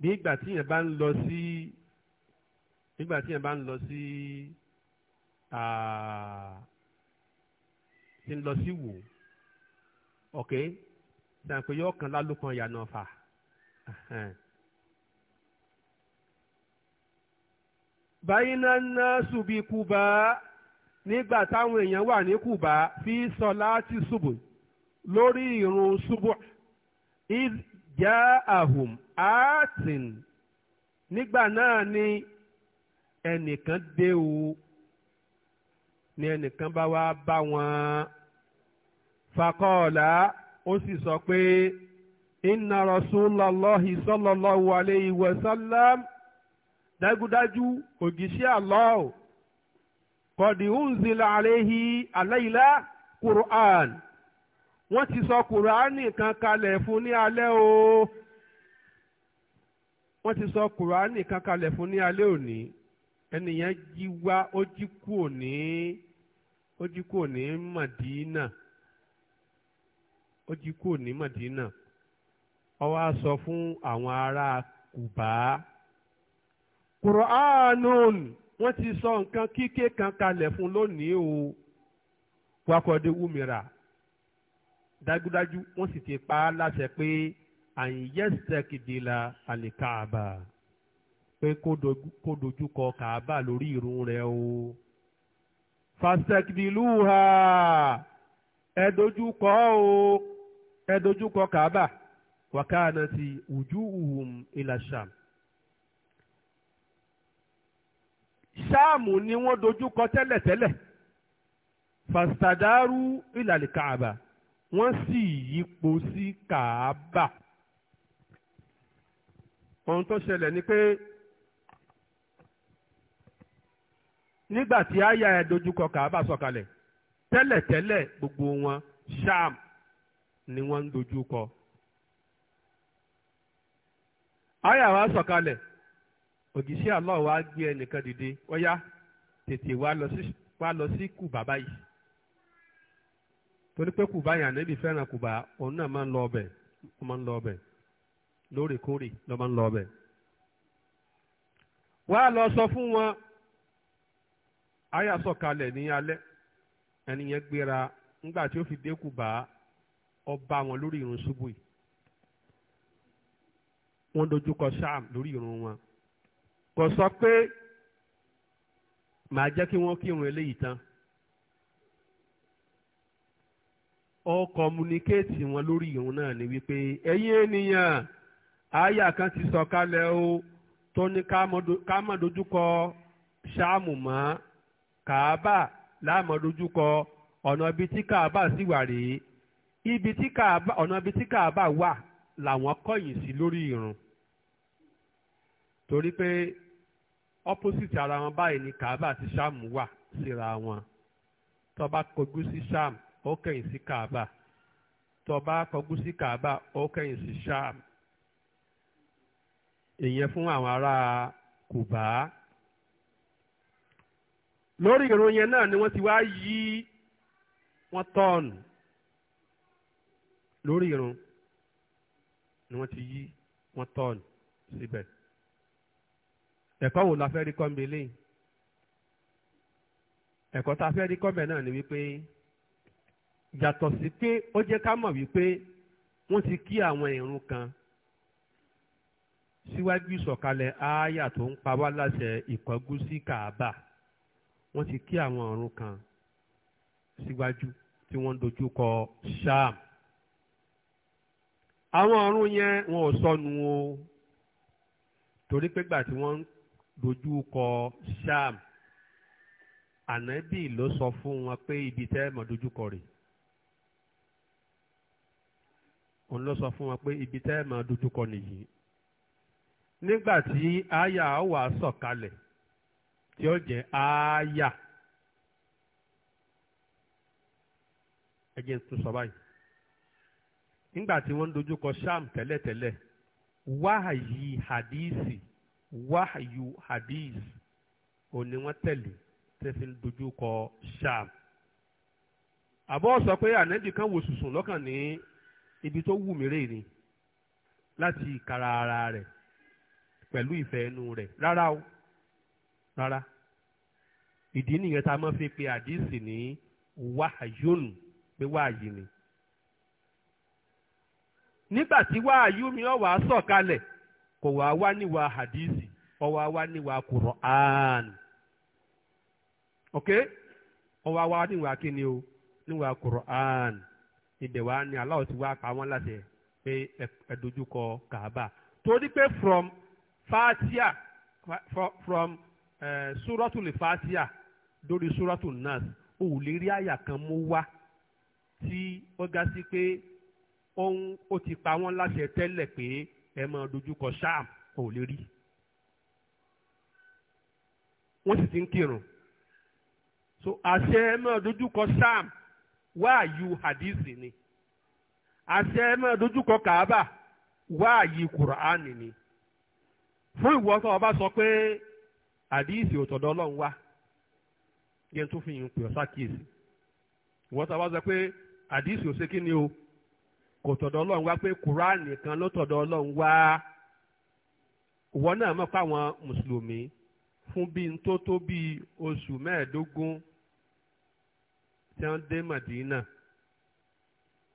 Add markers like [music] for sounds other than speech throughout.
bí ìgbà tí yẹn bá ń lọ sí ìgbà tí yẹn bá ń lọ sí ti ń lọ sí wò ok sàǹpé yóò kan lálùkàn ìyànà fà báyìí ná ṣùbí kúbá nígbà táwọn èèyàn wà ní kúbá fi sọ láti ṣubú lórí ìrun ṣubú já ahùn áàtìn nígbà náà ni ẹnìkan dé o ni ẹnìkan bá wá bá wọn fakọọlá ó sì sọ pé inna rasulallahi sallallahu alayhi wa sallam dájúdájú òjíṣẹ́ Allah kọ̀dí unzila alayhi alayla qur'an wọ́n ti sọ kùránì kan kalẹ̀ fún ní alẹ́ o wọ́n ti sọ kùránì kan kalẹ̀ fún ní alẹ́ òní ẹnìyẹn jí wá ó jí kú òní ó jí kú òní Màdínà ó jí kú òní Màdínà ó wá sọ fún àwọn ará Kùbá kùránùn wọ́n ti sọ nǹkan kíké kan kalẹ̀ fún lónìí o wákọ̀ọ́dé wúmira dájúdájú wọ́n sì ti pa á láṣẹ pé àyẹ̀sẹ̀kìdìlà àlìkàbà pé kó dojú kọ kàbà lórí ìrun rẹ̀ o. fàṣẹkìdìlúhà ẹ dojú kọ o ẹ dojú kọ kàbà wàkàna ti ojú uhum ìlàṣàm. ṣáàmù ni wọ́n dojú tẹ́lẹ̀tẹ́lẹ̀ fàṣàdárú ìlàlìkàbà wọ́n sì yípo sí kàábà ohun tó ṣẹlẹ̀ ni pé nígbà tí àyà ẹ̀ dojúkọ kàábà sọ̀kalẹ̀ tẹ́lẹ̀tẹ́lẹ̀ gbogbo wọn sham ni wọ́n ń dojúkọ àyà wa sọ̀kalẹ̀ òjíṣẹ́ Allah wa gbé ẹnìkan dìde ó yá tètè wá lọ sí kù bàbá yìí torí pé kùbá yẹn ànábì fẹ́ràn kùbá òun náà máa ń lọ ọbẹ̀ ó ń lọ ọbẹ̀ lóòrèkóòrè ló ń lọ fún wọn aya sọ̀kalẹ̀ ní alẹ́ ẹni yẹn gbéra nígbà tí ó fi dé kùbá ọba wọn lórí irun ṣubú yìí wọ́n dojúkọ sáàm lórí irun wọn kò sọ pé màá jẹ́ kí wọ́n kírun eléyìí tán ó kọmúnikéètì wọn lórí ìhun náà ni wípé ẹ̀yin ènìyàn àyà kan ti sọ̀kalẹ̀ o tó ní ká má dojúkọ ṣáàmù mọ́ kàábà láàmú dojúkọ ọ̀nà ibi tí kàábà sì wà rèé ibi tí kàábà ọ̀nà ibi tí kàábà wà làwọn kọ̀yìn sí lórí ìrun torí pé opposite ara wọn báyìí ni kàábà àti ṣáàmù wà síra wọn tó bá sí ṣáàmù ó kẹ̀yìn sí kaaba tó bá kọjú sí kaaba ó kẹ̀yìn sí sham ìyẹn fún àwọn ará kùbá lórí ìrun náà ni wọ́n ti wá yí wọ́n tọ́ọ̀nù lórí ìrun ni wọ́n ti yí wọ́n tọ́ọ̀nù síbẹ̀ ẹ̀kọ́ wo la fẹ́ rí kọ́ńbé ẹ̀kọ́ tá fẹ́ rí kọ́ńbé náà ni wípé yàtọ̀ sí pé ó jẹ́ ká mọ̀ wípé wọ́n ti kí àwọn ìrun kan síwájú ìsọ̀kalẹ̀ aáyà tó ń pa wá láṣẹ ìkọ́gú sí kàábà wọ́n ti kí àwọn ìrun kan síwájú tí wọ́n ń dojú kọ sham àwọn ìrun yẹn wọn ò sọnù o torí pé gbà tí wọ́n ń dojú kọ ànábì ló sọ fún wọn pé ibi tẹ́ mọ̀ dojú rèé òun ló sọ fún wọn pé ibi tẹ́ ẹ máa dojú kọ nìyí nígbà tí àyà wà sọ̀kalẹ̀ tí ó jẹ́ àyà ẹ jẹ́ n tún sọ báyìí nígbà tí wọ́n ń dojú kọ sham tẹ́lẹ̀tẹ́lẹ̀ wáhàyí hadísì wáhàyú hadísì òun ni wọ́n tẹ̀lé tẹ́ fi ń dojú kọ sham àbọ̀ sọ pé ànẹ́bì kan wò sùsùn lọ́kàn ní ibi tó wù mí rè ni láti ìkara ara rẹ̀ pẹ̀lú ìfẹ́ inú rẹ̀ rárá o rárá ìdí nìyẹn tá a máa fi pe àdìsí ní wàhálónù pé wáàyí ni nígbà tí wáàyí mi ó wá sọ̀kalẹ̀ kò wá wá níwà àdìsí ó wá wá níwà kùrọ̀án ok ó wá níwà kíni o níwà kùrọ̀án ibẹ̀ wá ní Allah ti wá pa wọ́n láṣẹ pé ẹ dojúkọ kàába torí pé from fatia from suratu le fatia dórí suratu nas ò lè rí àyà kan mú wá tí ó ga sí pé ó ti pa wọ́n láṣẹ tẹ́lẹ̀ pé ẹ máa dojúkọ sam ò lè rí wọ́n sì ti ń kírun so àṣẹ ẹ máa dojúkọ Ṣáàmù. wáàyù hadisi ni àṣẹ ẹ dojukọ dojúkọ kàábà wáàyì kùránì ni fún ìwọ tó o bá sọ pé hadizi òtọ̀dọ̀ ọlọ́run wá yẹn tó fi yín pè ọ́ sákìyèsí ìwọ tó o sọ pé hadizi òṣè ni o kò tọ̀dọ̀ ọlọ́run wá pé kùránì kan ló tọ̀dọ̀ ọlọ́run wá ìwọ náà mọ̀ pé àwọn mùsùlùmí fún bíi tó tó bíi oṣù mẹ́ẹ̀ẹ́dógún tí wọ́n Madina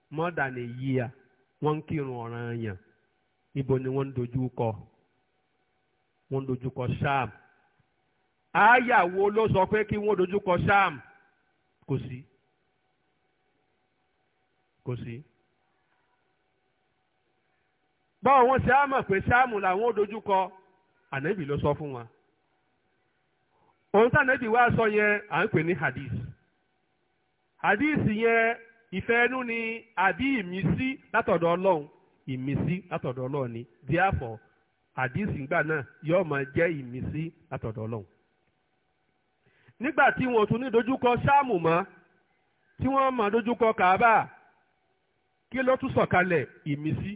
more than a year wọ́n ń kírun ibo ni wọ́n ń dojú kọ wọ́n ń dojú Sham àyà wo ló sọ pe ki wọ́n dojú kọ Sham kò sí kò sí báwo wọ́n ṣe á mọ̀ pé Sham làwọn ò dojú kọ ànábì ló sọ fún wa ohun tí ànábì wá sọ yẹn à ń pè ní hadith. àdíìsì yẹn ìfẹ́ ẹnu ni àbí ìmísí látọ̀dọ̀ ọlọ́run ìmísí látọ̀dọ̀ ọlọ́run ni therefore àdíìsì ńgbà náà yóò máa jẹ́ ìmísí látọ̀dọ̀ ọlọ́run. nígbà tí wọn tún ní dojúkọ sáàmù mọ́ tí wọ́n máa dojúkọ kàábà kí ló tún sọ̀kalẹ̀ ìmísí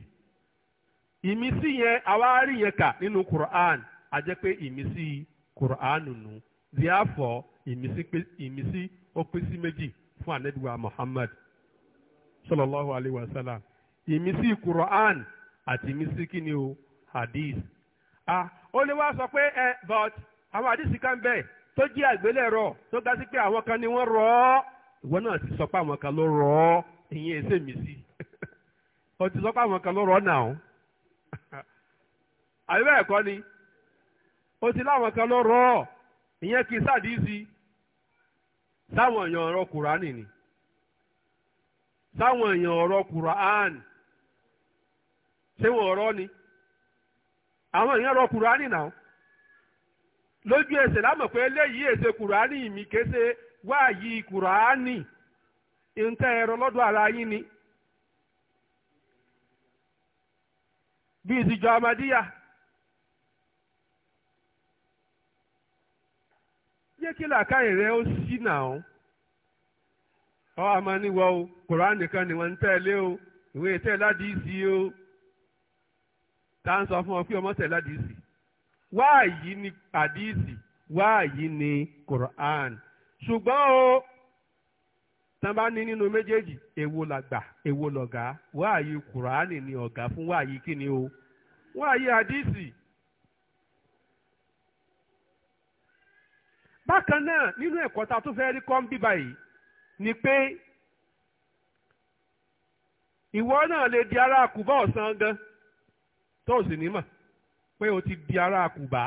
ìmísí yẹn àwárí yẹn kà nínú Quran a jẹ́ pé ìmísí Quran nù therefore ìmísí ó pín sí méjì. fún anabiwa Muhammad sallallahu alayhi wa sallam ìmísí Quran àti ìmísí kíni o hadith ah ó lè wá sọ pé ẹ but àwọn hadith kan bẹ́ẹ̀ tó tó ga sí pé àwọn kan ni wọ́n rọ̀ ìwọ ti sọ pé àwọn kan ló rọ̀ ìyẹn ẹsẹ̀ O [laughs] ti sọ pé àwọn kan ló rọ̀ náà [laughs] ni o ti láwọn kan ló rọ̀ ìyẹn kì í sáwọn èèyàn ọ̀rọ̀ kùránì ni sáwọn èèyàn ọ̀rọ̀ kùránì ṣé wọn ọ̀rọ̀ ni àwọn èèyàn ọ̀rọ̀ kùránì náà lójú ẹsẹ̀ lámọ̀ pé eléyìí èsè kùránì mi kése wáàyí kùránì nǹkan ẹ̀rọ lọ́dọ̀ ara yín ni bíi ìsìjọ amadíyà jẹ́ kí làákàyè rẹ ó sí nà ó ọ àmọ́ níwọ̀ o nìkan ni wọ́n ń tẹ̀lé o ìwé tẹ̀ o tá à ń sọ fún ọ pé ọmọ wáàyí ni àdìísì wáàyí ni koran ṣùgbọ́n o tán bá ní nínú méjèèjì èwo làgbà èwo lọ̀gá ni ọ̀gá fún wáàyí kíni o wáàyí àdìsì bákan náà nínú ẹ̀kọ́ ta tó fẹ́ rí kọ́ ń bíbá yìí ni pé ìwọ náà lè di ará àkùbá ọ̀sán gan tó o sì ní mọ̀ pé o ti di ará àkùbá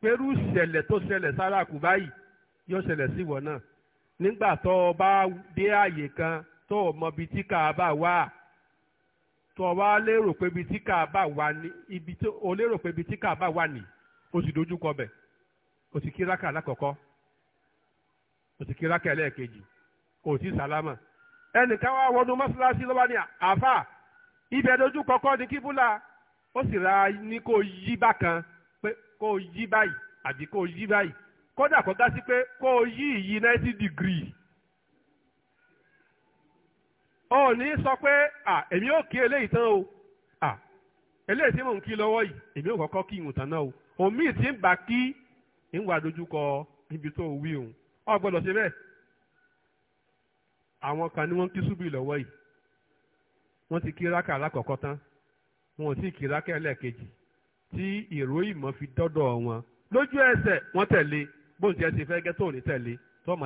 pẹ̀lú ìṣẹ̀lẹ̀ tó ṣẹlẹ̀ sára àkùbá yìí yóò ṣẹlẹ̀ sí ìwọ náà nígbà tó o bá dé àyè kan tó o mọ ibi tí kàábà wà tó o wá lérò pé ibi tí kàábà wà ní ibi tó o lérò pé ibi tí kàábà wà ní o sì dojú kọ bẹ́ẹ̀ o ti kí rákà lákọ̀ọ́kọ́ o ti kí rákà ẹlẹ́ẹ̀kejì o ti sálámà ẹnìkan wá wọnú mọ́ṣáláṣí lọ́wọ́ ní àfà ibẹ̀ dojú kọ́kọ́ ní kíbúlà ó sì ra ní kó yí bákan pé kó yí báyìí àbí kó yí báyìí kódà kó dá sí pé kó yí ìyí ninety degree ó ní sọ pé èmi ò kí eléyìí tán o eléyìí tí mò ń kí lọ́wọ́ yìí èmi ò kọ́kọ́ kí ìwòtán náà o òmíì ti ń bà kí ń wà dojúkọ ibi tó wí òun ọ gbọ́dọ̀ ṣe bẹ́ẹ̀ àwọn kan ni wọ́n ń kí súbì lọ́wọ́ yìí wọ́n ti kí rákà alákọ̀ọ́kọ́ tán wọn ò sì kí rákà ẹlẹ́ẹ̀kejì tí ìró ìmọ̀ fi dọ́dọ̀ wọn lójú ẹsẹ̀ wọ́n tẹ̀lé bóun tiẹ̀ ti fẹ́ gẹ́ tó ní tẹ̀lé tó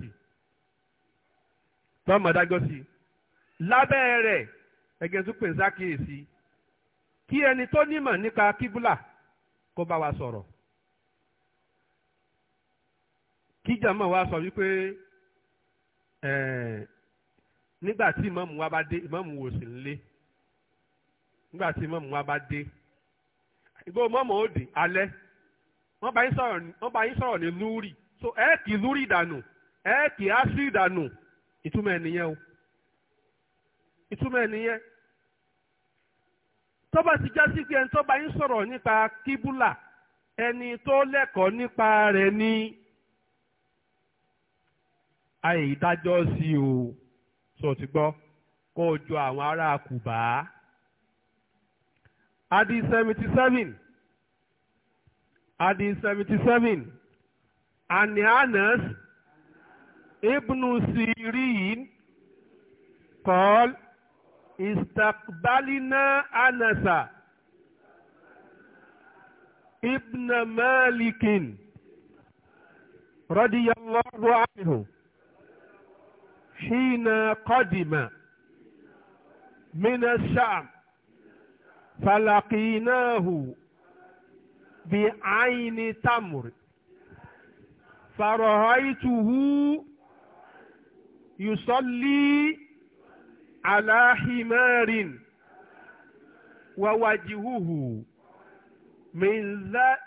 sí tó sí lábẹ́ rẹ̀ ẹgẹ́ tó pè ń kí ẹni tó nímọ̀ nípa kíbúlà kó bá wa sọ̀rọ̀ kíjàmọ́ wa sọ wípé eh, nígbà tí ìmọ̀mù wa bá dé ìmọ̀mù wò sí nílé nígbà tí ìmọ̀mù wa bá dé ó alẹ́ wọ́n bá yín sọ̀rọ̀ ní lúrì so ẹ kì lúrì ìdànù ẹ kì í ásù ìdànù ìtumọ̀ o ìtumọ̀ tọ́ba ti já sí pé nípa kíbúlà ẹni tó lẹ́kọ̀ọ́ nípa rẹ̀ ni àyè dájọ́ sí o sọ ti gbọ́ kó o jọ àwọn ará Kùbá. adi seventy seven adi seventy seven ani Anas ibnu Sirin kọ́l istakbalina Anasa ibna Malikin radiyallahu anhu. حين قدم من الشام فلقيناه بعين تمر فرأيته يصلي على حمار ووجهه من ذا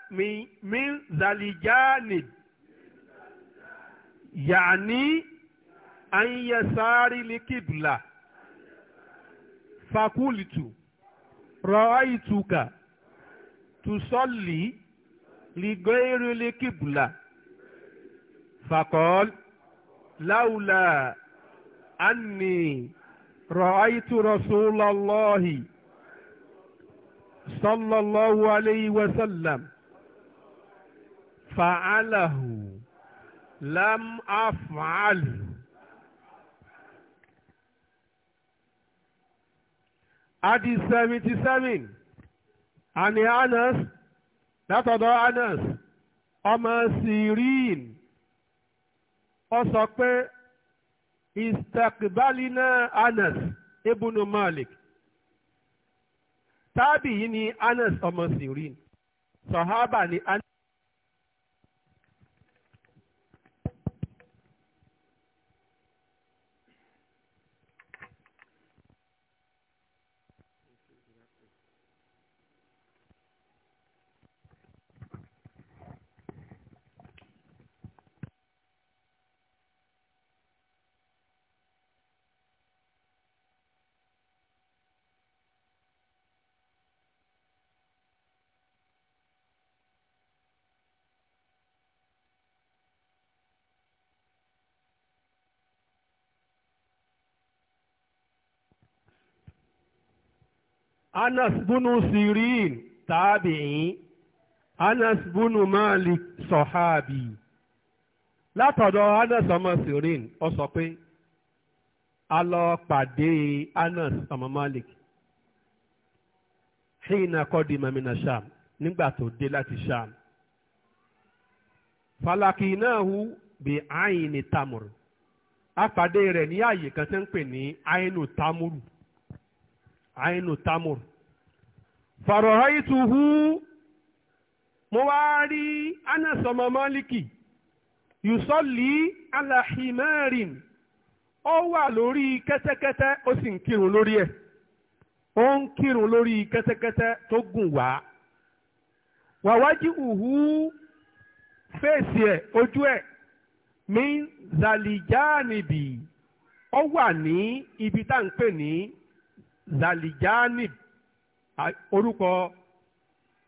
من ذا الجانب يعني عن يسار القبلة فقلت رأيتك تصلي لغير القبلة فقال لولا أني رأيت رسول الله صلى الله عليه وسلم فعله لم أفعله adi seventy seven ani anas látọ̀dọ̀ anas ọmọ sirin ó sọ pé istakbalina anas ibùnú malik tábì yìí ni anas ọmọ sirin sọ̀hábà ni anas. anas bunu sirin tàbíìn anas bunu malik sọ̀hábì látọ̀dọ̀ anas ọmọ sirin ó sọ pé a lọ pàdé anas ọmọ malik hìnà kọ́dí mamina sham nígbà tó dé láti sham falaki náà hu bi ayin tamuru a pàdé rẹ̀ ní àyè kan tí ń pè ní ayinu tamuru àìnù tamur fàrọ̀hà ìtùhú mo wá rí anasọmọ mọ́líkì yùsọ́lì aláhìmẹ́rin ó wà lórí kẹ́tẹ́kẹ́tẹ́ ó sì ń kírun lórí ẹ̀ ó ń kírun lórí kẹ́tẹ́kẹ́tẹ́ tó gùn wá wàwájú ùhú fèsì ẹ̀ ojú ẹ̀ min zalijanibi ó wà ní ibi tá zalijani orúkọ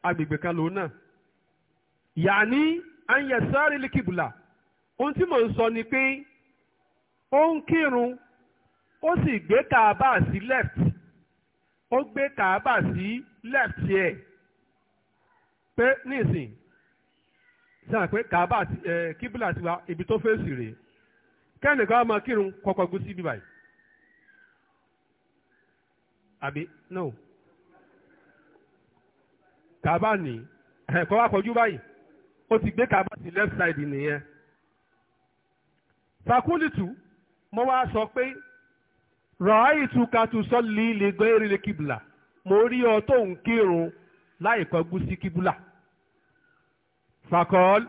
agbègbè kan lòun náà yàní anyasari likibula ohun tí mò ń sọ ni pé ó ń kírun ó sì gbé kaaba sí left ó gbé kaaba sí left ẹ pé nísìn sáà pé kàábà eh, kíbùlà tiwa ibi tó fèsì rèé kẹ́nìkan máa kírun kọ́kọ́ gún bíbáyìí. àbí no kàbá ní ẹ̀kọ́ wá kọjú báyìí ó ti gbé kàbá sí left side nìyẹn fakulitu mo wá sọ pé rọ̀ọ́ ìtúka tún sọ líle gbẹ́rẹ́lẹ́ kìbìlà mo rí ọ tó ń kírun láì kọjú sí kìbìlà fakọ́l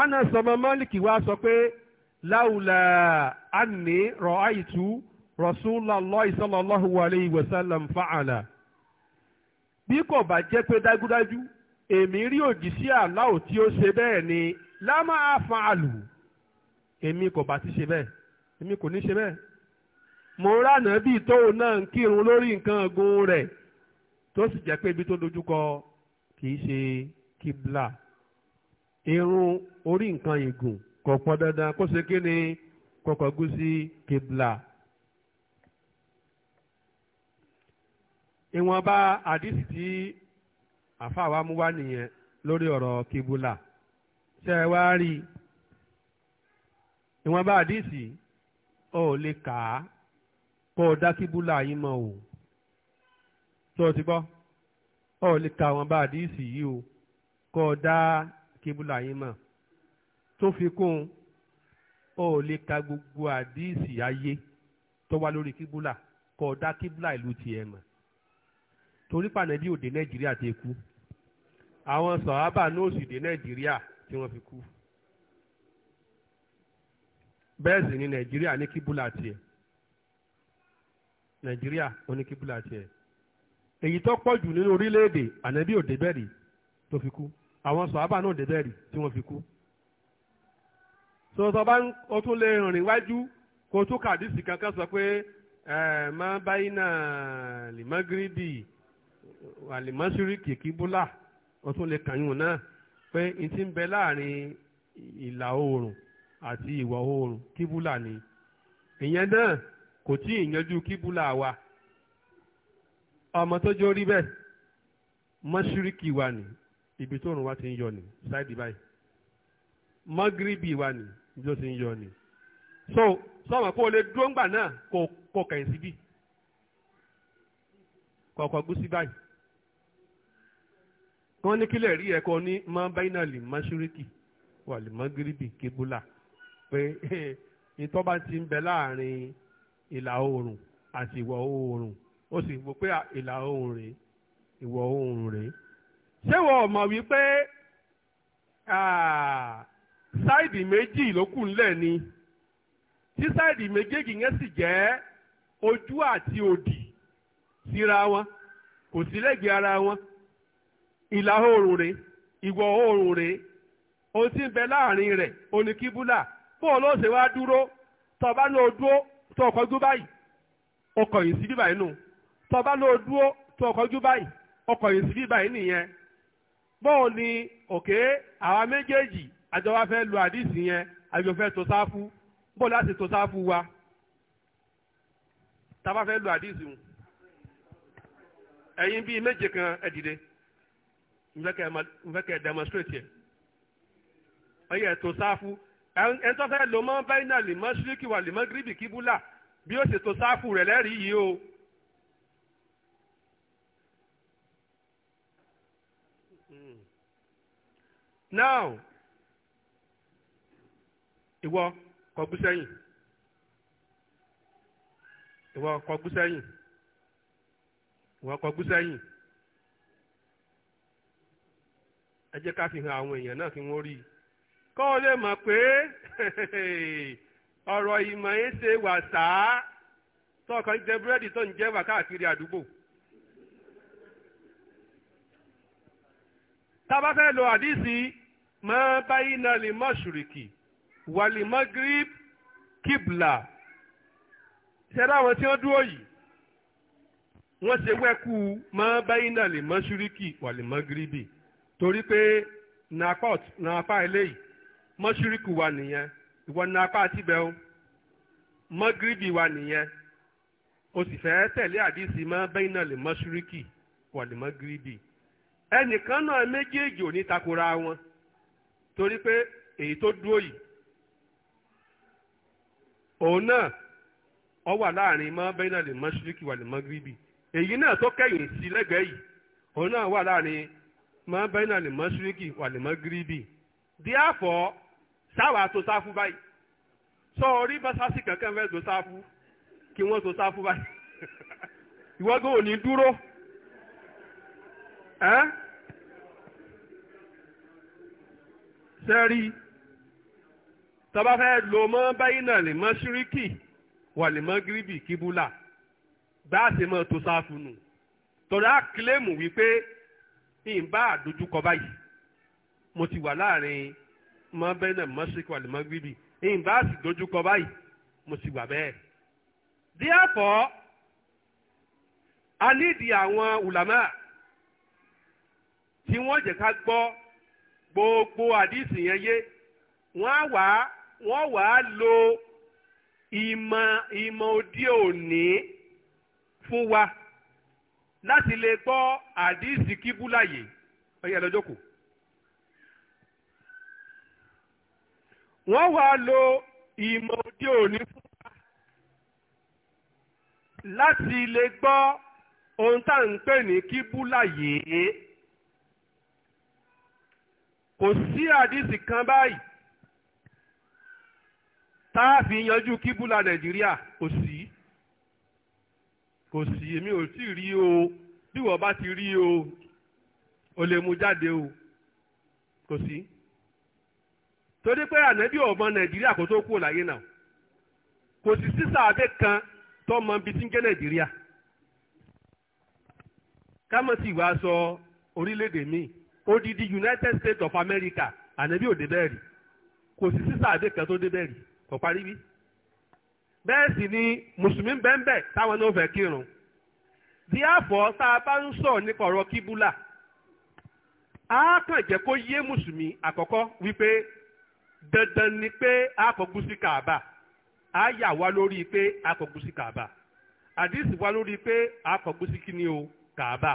Anas ọmọ wá sọ pé láwùlà àní rọ̀ọ́ ìtú. Rasulullah sallallahu alayhi wa sallam fa'ala bí kò bá jẹ́ pé dájúdájú èmi rí òjíṣẹ́ aláwọ̀ tí ó ṣe bẹ́ẹ̀ ni lámà fa'alù èmi kò bá ti ṣe bẹ́ẹ̀ èmi kò ní ṣe bẹ́ẹ̀ mo rànà bíi tóun náà ń kírun lórí nǹkan ọ̀gùn rẹ̀ tó sì jẹ́ pé ibi tó dojúkọ kì ṣe kíbla irun orí nǹkan ìgùn kò pọn dandan kó ṣe kí ni kọkọ gúsí kíbla. ìwọ̀nba àdìsí tí àfáà wa mú wá nìyẹn lórí ọ̀rọ̀ kíbúlà ṣe wá rí ìwọ̀nba àdìsí ó lè kà á kó o dá kíbúlà yín mọ̀ o tó o ti gbọ́ ó lè ka ìwọ̀nba àdìsí yìí o kó o dá kíbúlà yín mọ̀ tó fi kún ó lè ka gbogbo àdìsí ayé tó wá lórí kíbúlà kó o dá kíbúlà ìlú tiẹ̀ mọ̀ torí pànẹ́bí ò dé nàìjíríà ti kú àwọn sọ̀hábà náà sì dé nàìjíríà tí wọ́n fi kú bẹ́ẹ̀ sì ni nàìjíríà ní kíbúlà tiẹ̀ nàìjíríà ó ní kíbúlà tiẹ̀ èyí tó pọ̀ jù nínú orílẹ̀-èdè ànẹ́bí ò dé bẹ́ẹ̀ rí tó fi kú àwọn sọ̀hábà náà dé bẹ́ẹ̀ rí tí wọ́n fi kú sọ̀tọ̀ bá ó tún lè rìn wájú kó tún kàdísì kankan sọ pé ẹ̀ẹ́dmá náà lè mọ́gírídì alimọ́síríkì kíbúlà ó tún lè kàyún náà pé n ti ń bẹ láàrin ìlà oòrùn àti ìwọ̀ oòrùn kíbúlà ni ìyẹn náà kò tí ì yanjú kíbúlà wa ọmọ tó jó rí bẹ́ẹ̀ mọ́síríkì wa ni ibi tó òrùn wa ti ń yọ ni ṣáìdì báyìí mọ́gíríbì wa ni ibi tó ti ń yọ ni so sọmọ kó o lè dúró ńgbà náà kó o kẹ̀yìn síbí kọ̀ọ̀kọ̀ gúsí báyìí wọ́n ní kílẹ̀ rí ẹ̀kọ́ ní máa báyìí náà lè má ṣúríkì wà lè má gíríbì kébùlà pé [laughs] ìtọ́ba ti ń bẹ láàrin ìlà oòrùn àti ìwọ̀ oòrùn ó sì wò pé ìlà oòrùn rèé ìwọ̀ oòrùn rèé ṣé wọ́n mọ̀ wípé sáìdì méjì ló kù ńlẹ̀ ni tí sáìdì méjèèjì yẹn sì jẹ́ ojú àti òdì síra wọn kò sí lẹ́gbẹ̀ẹ́ ara wọn. ìlà oòrùn rè ìwọ̀ oòrùn rè ohun tí ń bẹ láàrin rẹ̀ òní kíbúlà fóun ló ṣe wá dúró tọba ló dúó tó ọkọjú báyìí ọkọ yìí sí bíbáyìí nù tọba o dúó tó yìí sí lu àdìsí yẹn àjọ fẹ́ tó sáfù bóun wa tá a bá fẹ́ kan dìde. nfẹ́ kẹ́ demonstrate yẹ ọyẹ ètò sáfù ẹni tó fẹ́ lò mọ́ báyìí lèmọ́ ṣíríkì wà lèmọ́ gíríbì kíbúlà bí ó ṣètò sáfù rẹ̀ lẹ́rìí yìí o. now ìwọ kọgbú sẹ́yìn ìwọ kọgbú sẹ́yìn ìwọ kọgbú sẹ́yìn. ẹ jẹ́ ká fi hàn àwọn èèyàn náà kí wọ́n rí i kọ́ ọ lè mọ̀ pé [laughs] ọ̀rọ̀ ìmọ̀ yín ṣe wà sáá tọkàn jẹ búrẹ́dì tó ń jẹ́ wà káàkiri àdúgbò. tábà fẹ́ lo àdísì máa báyìí náà lè mọ̀ ṣùrìkì wà lè mọ̀ gíríp kíbla ṣẹ́dá àwọn tí wọ́n dúró yìí wọ́n ṣe wẹ́kú máa báyìí náà lè mọ̀ ṣùrìkì wà lè mọ̀ gíríbì. torí pé nàápá nàápá eléyìí mọ́ṣúríkù wà nìyẹn ìwọ nàápá tibẹ̀ o mọ́gíríbì wà nìyẹn o sì fẹ́ tẹ̀lé àdìsí mọ́ bẹ́yìn náà lè mọ́ṣúríkì wà lè mọ́gíríbì ẹnìkan náà méjèèjì ò ní takora wọn torí pé èyí tó dúró yìí òun náà ọ wà láàrin mọ bẹ́ẹ̀ náà lè mọ ṣíríkì wà lè mọ èyí náà tó kẹ́yìn sí lẹ́gbẹ̀ẹ́ yìí òun náà wà láàrin máa bẹ́ẹ̀ náà lè mọ́ ṣíríkì wà lè mọ́ gíríbì díàfọ́ sáwà tó sáfù báyìí sọ orí bọ́sásì kankan fẹ́ tó sáfù kí wọ́n tó sáfù báyìí [laughs] ìwọ́gbọ́n ò ní dúró ẹ́ sẹ́rí tọ́ba fẹ́ lo mọ́ bẹ́ẹ̀ náà lè mọ́ ṣíríkì wà lè mọ́ gíríbì kíbúlà bá a ṣe mọ́ tó sáfù nù tọ́lá kílẹ̀mù wípé ìbá àdójúkọ báyìí mo ti wà láàrin mọ́bẹ́nà mọ́síkò àlùmọ́gbìbì ìbá sì dojúkọ báyìí mo ti wà bẹ́ẹ̀. therefore a nídìí àwọn ulama tí wọ́n jẹ́ ká gbọ́ gbogbo àdìsí yẹn yé wọ́n wá wọ́n wá lo ìmọ̀ ìmọ̀ òde òní fún wa láti lè gbọ́ àdìsí kíbúlà yìí ọyẹ lọ́jọ́ kù. wọ́n wá lo ìmọ̀ òde òní fún wa láti lè gbọ́ ohun tá à ń pè ní kíbúlà yìí kò sí àdìsí kan báyìí tá a fi yanjú kíbúlà nàìjíríà kò sí kò sí èmi ò tí ì rí o bí wọ́n bá ti rí o ò lè mú jáde o kò sí torí pé ànábì ọmọ nàìjíríà kò tó kúrò láyé náà kò sí sísà abẹ́ kan tó mọ ibi tí ń jẹ́ nàìjíríà kámọ́tì wàá sọ orílẹ̀-èdè míì odidi united states of america ànábì ò débẹ̀ rí kò sí sísà abẹ́ kan tó débẹ̀ rí kò parí bí bẹ́ẹ̀ sì ni mùsùlùmí bẹ́ẹ̀nbẹ́ẹ̀ táwọn náà fẹ́ kírun díàfọ́ tá a bá ń sọ̀rọ̀ nípa ọ̀rọ̀ kíbúlà á kàn jẹ́ kó yé mùsùlùmí àkọ́kọ́ wípé dandan ni pé a kọ̀gùn sí kàába a yà wá lórí pé a kọ̀gùn sí kàába àdìsí wá lórí pé a kọ̀gùn sí kíni o kàába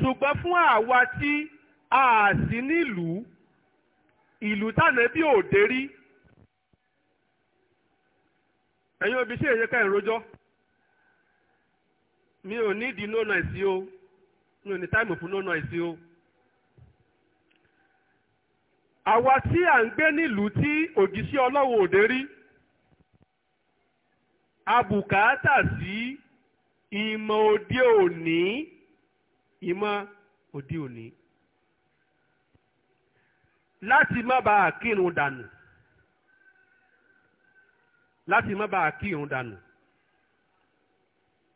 ṣùgbọ́n fún àwa tí a sì nílùú ìlú tànà bí òde rí ẹ̀yin òbí sí èyíká ìrójọ́ mi ò ní ìdí no noise o mi ò ní táìmù fún no noise o. àwa tí à ń gbé nílùú tí òjíṣẹ́ ọlọ́wọ́ òde rí abùkátà sí ìmọ̀ òde òní ìmọ̀ òde òní láti má bàa kírun dànù. láti má bàa kí òun dànù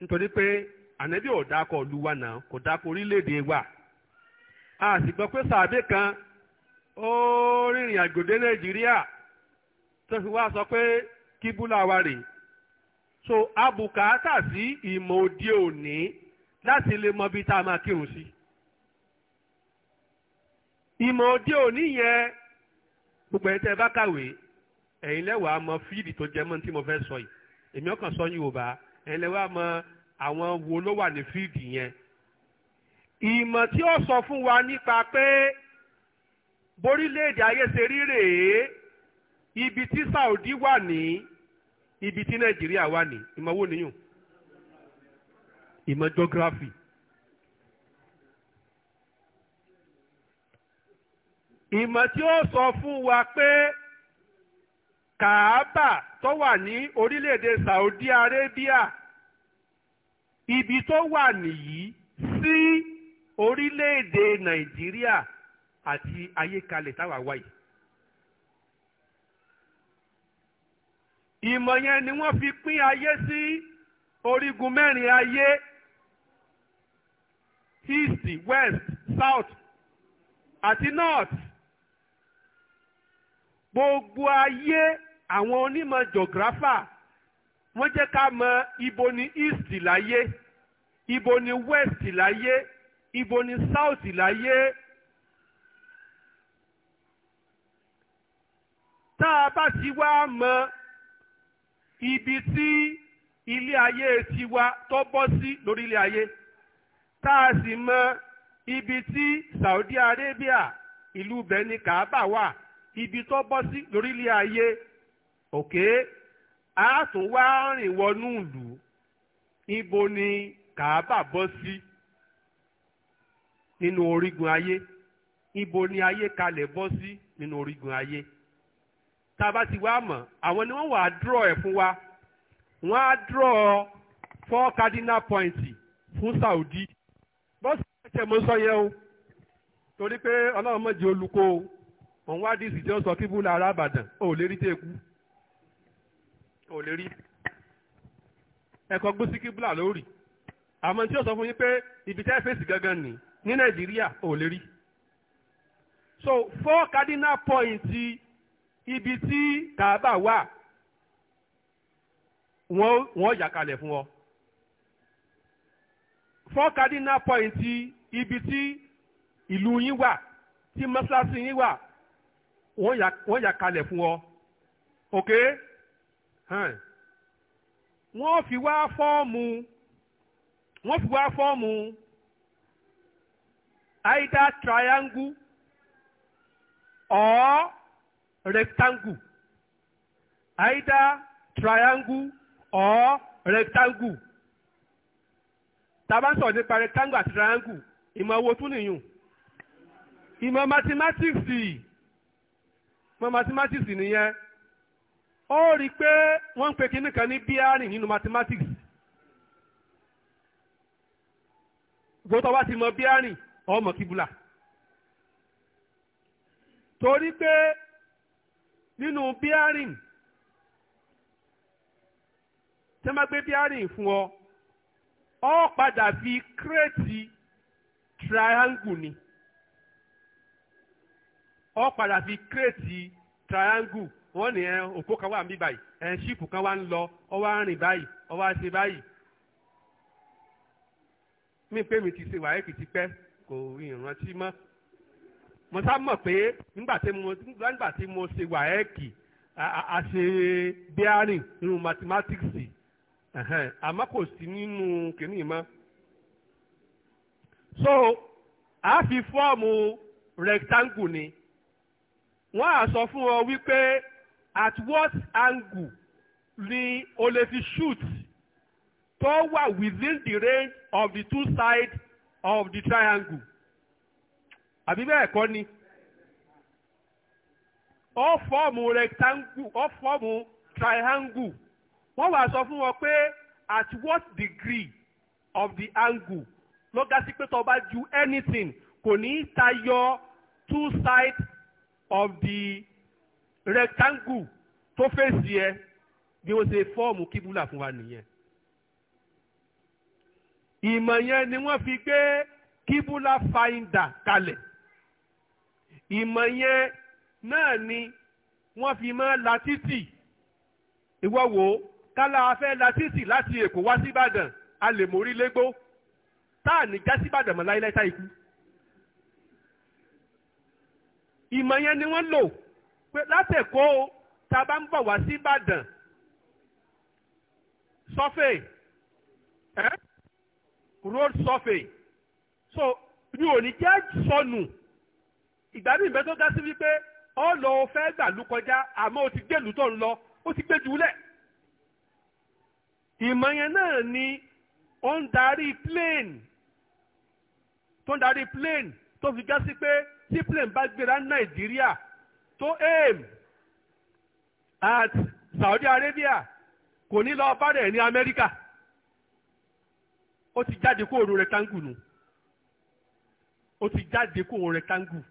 nítorí pé ànábì ọ̀dàkọ̀ dákọ̀ ìlú wa náà kò dákọ̀ orílẹ̀-èdè wa a sì gbọ́ pé sàbẹ̀ kan ó rìnrìn àjò dé nàìjíríà tó fi wá sọ pé kíbúlà wa rè so abùkátà sí ìmọ̀ òde òní láti lè mọ ibi tá a máa kírun sí ìmọ̀ òde òní yẹn gbogbo ẹ̀ tẹ́ bá kàwé ẹ̀yin lẹ́wàá mọ fíìlì tó jẹ́ mọ́ tí mo fẹ́ sọ yìí èmi ọkàn sọ Yorùbá ẹ̀yin lẹ́wàá mọ àwọn wo ló wà ní fíìlì yẹn. ìmọ̀ tí ó sọ fún wa nípa pé borílẹ̀-èdè ayé ṣe rí rèé ibi tí Saudi wà ní ibi tí Nàìjíríà wà ní ìmọ̀ wo nìyẹn ìmọ̀ geography. ìmọ̀ tí ó sọ fún wa pé. kaaba tó wà ní orílẹ̀-èdè Saudi Arabia ibi tó wà nìyí sí orílẹ̀-èdè Nàìjíríà àti ayékalẹ̀ táwa wáyé. ìmọ̀ yẹn ni wọ́n fi pín ayé sí orígun mẹ́rin ayé east west south àti north gbogbo ayé àwọn onímọ̀ jọ̀gráfà wọ́n jẹ́ ká mọ ibo ni east láyé ibo ni west láyé ibo ni south láyé. tá a bá ti wá mọ ibi tí ilé ayé tiwa tó bọ́ sí lórí ilé ayé tá a sì mọ ibi tí Saudi Arabia ìlú bẹ́ẹ̀ ni Kaaba wà ibi tó bọ́ sí lórí ilé ayé okay a tún wá rìn wọnú ìlú níbo ni kàábà bọ́ sí nínú orígun ayé níbo ni ayé kalẹ̀ bọ́ sí nínú orígun ayé tá a bá ti wá mọ̀ àwọn ni wọ́n wà á draw ẹ̀ fún wa wọ́n á draw four cardinal points fún Saudi bọ́sì ẹ̀ṣẹ̀ mo sọ yẹn o torí pé ọlọ́run mọ̀jẹ̀ olùkọ́ òun wá dí ìsìtì ọ̀sán kíbùlà arábàdàn ò lérí tẹ́ kú ò lè rí ẹ̀kọ́ gbé sí kíbla lórí àmọ́ tí ó sọ fún yín pé ibi tẹ́ fèsì gangan nì ní nàìjíríà ò lè rí so four cardinal points ibi tí kàábà wà wọ́n wọ́n yà kalẹ̀ fún ọ four cardinal points ibi tí ìlú yín wà tí mọ́ṣáláṣí yín wà wọ́n yà kalẹ̀ fún ọ okay wọ́n fi wá fọ́ọ̀mù wọ́n fi wá fọ́ọ̀mù either triangle or rectangle either triangle or rectangle tàbá ń sọ̀rọ̀ nípa rectangle àti triangle ìmọ̀ owó tún nìyún ìmọ̀ mathematics ìmọ̀ mathematics nìyẹn. o rí i pé wọ́n ń pe kinní kan ní bíárìn nínú mathematics gbọ́tọ̀ wá ti mọ bíárìn ọmọ kíbùlà torí pé nínú bíárìn tí wọ́n gbé bíárìn fún ọ ọ padà fi kírètì triangle ni ọ padà fi kírètì wọ́n ní ẹ òpó kan wà ń bí báyìí ẹ ṣíìpù kan wà ń lọ ọ wá ń rìn báyìí ọ wá ṣe báyìí. mi pé mi ti ṣe wàhálà ti pẹ́ kò ìrántí mọ́ mo sá mọ̀ pé nígbà tí mo nígbà tí mo ṣe wàhálà a ṣe bíárìn nínú mathematics àmọ́ kò sí nínú kìíní mọ́. so a fi fọ́ọ̀mù rectangle ni wọ́n á sọ fún ọ wípé at what angle ni o lè fi shoot tó wà within the range of the two sides of the triangle àbí bẹ́ẹ̀ kọ́ ni ó fọ́ọ̀mù rectangle ó fọ́ọ̀mù triangle wọ́n wá sọ fún wọn pé at what degree of the angle ló ga sí pé tó bá ju anything kò ní í tayọ two sides of the rectangle tó fèsì ẹ bí wọ́n ṣe fọ́ọ̀mù kíbúlà fún wa nìyẹn. ìmọ̀ yẹn ni wọ́n fi gbé kíbúlà finder kalẹ̀. ìmọ̀ yẹn náà ni wọ́n fi máa la títì. ìwọ wo kálá afẹ́ la láti èkó wá sí ìbàdàn mórí légbó táà ní já sí mọ́ láyé láyé ikú. ìmọ̀ yẹn ni wọ́n lò pé látẹ̀kọ́ tá a bá ń bọ̀ wá sí Ìbàdàn survey eh? road survey so mi ò ní jẹ́ sọnù ìgbà mi ìbẹ́ tó dá sí wípé ọ lọ fẹ́ gbà lú kọjá àmọ́ o ti gbé ìlú tó ń lọ ó ti gbé jùlẹ̀ ìmọ̀ yẹn náà ni ó ń darí plane tó ń darí plane tó fi já sí pé tí plane bá gbéra Nàìjíríà to aim at Saudi Arabia kò ní lọ bá rẹ̀ ní Amẹ́ríkà ó ti jáde kó òru rectangle nù ó ti jáde kó òru rectangle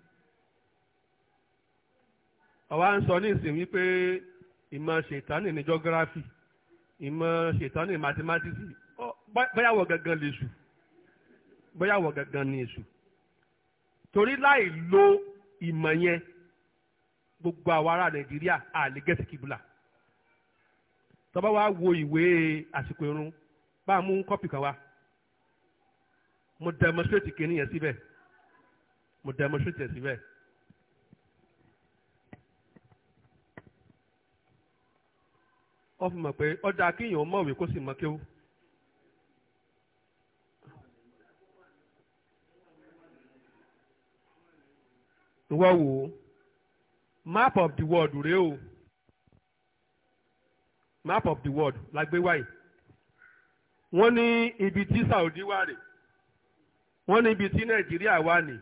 àwa ń sọ nísìnyí wípé ìmọ̀ ṣètánì ní geography ìmọ̀ ṣètánì ní mathematics bóyá wọ̀ gangan lè sùn bóyá wọ̀ gangan ní èṣù torí láì lo ìmọ̀ yẹn gbogbo àwọn ará nàìjíríà àlè gẹ̀ẹ́sì kìbìlà tọ́ba wa wo ìwé àsìkò irun bá a mú kọ́pì kan wa mo demonstrate kìíní yẹn síbẹ̀ mo demonstrate yẹn síbẹ̀. wọ́n fi mọ̀ pé ọ̀dà kíyàn mọ̀wé kó sì mọ̀ kéwú. ìwọ wò map of the world rèé o map of the world la gbé wáyé wọ́n ní ibi tí Saudi wà rè wọ́n ní ibi tí Nàìjíríà wà ní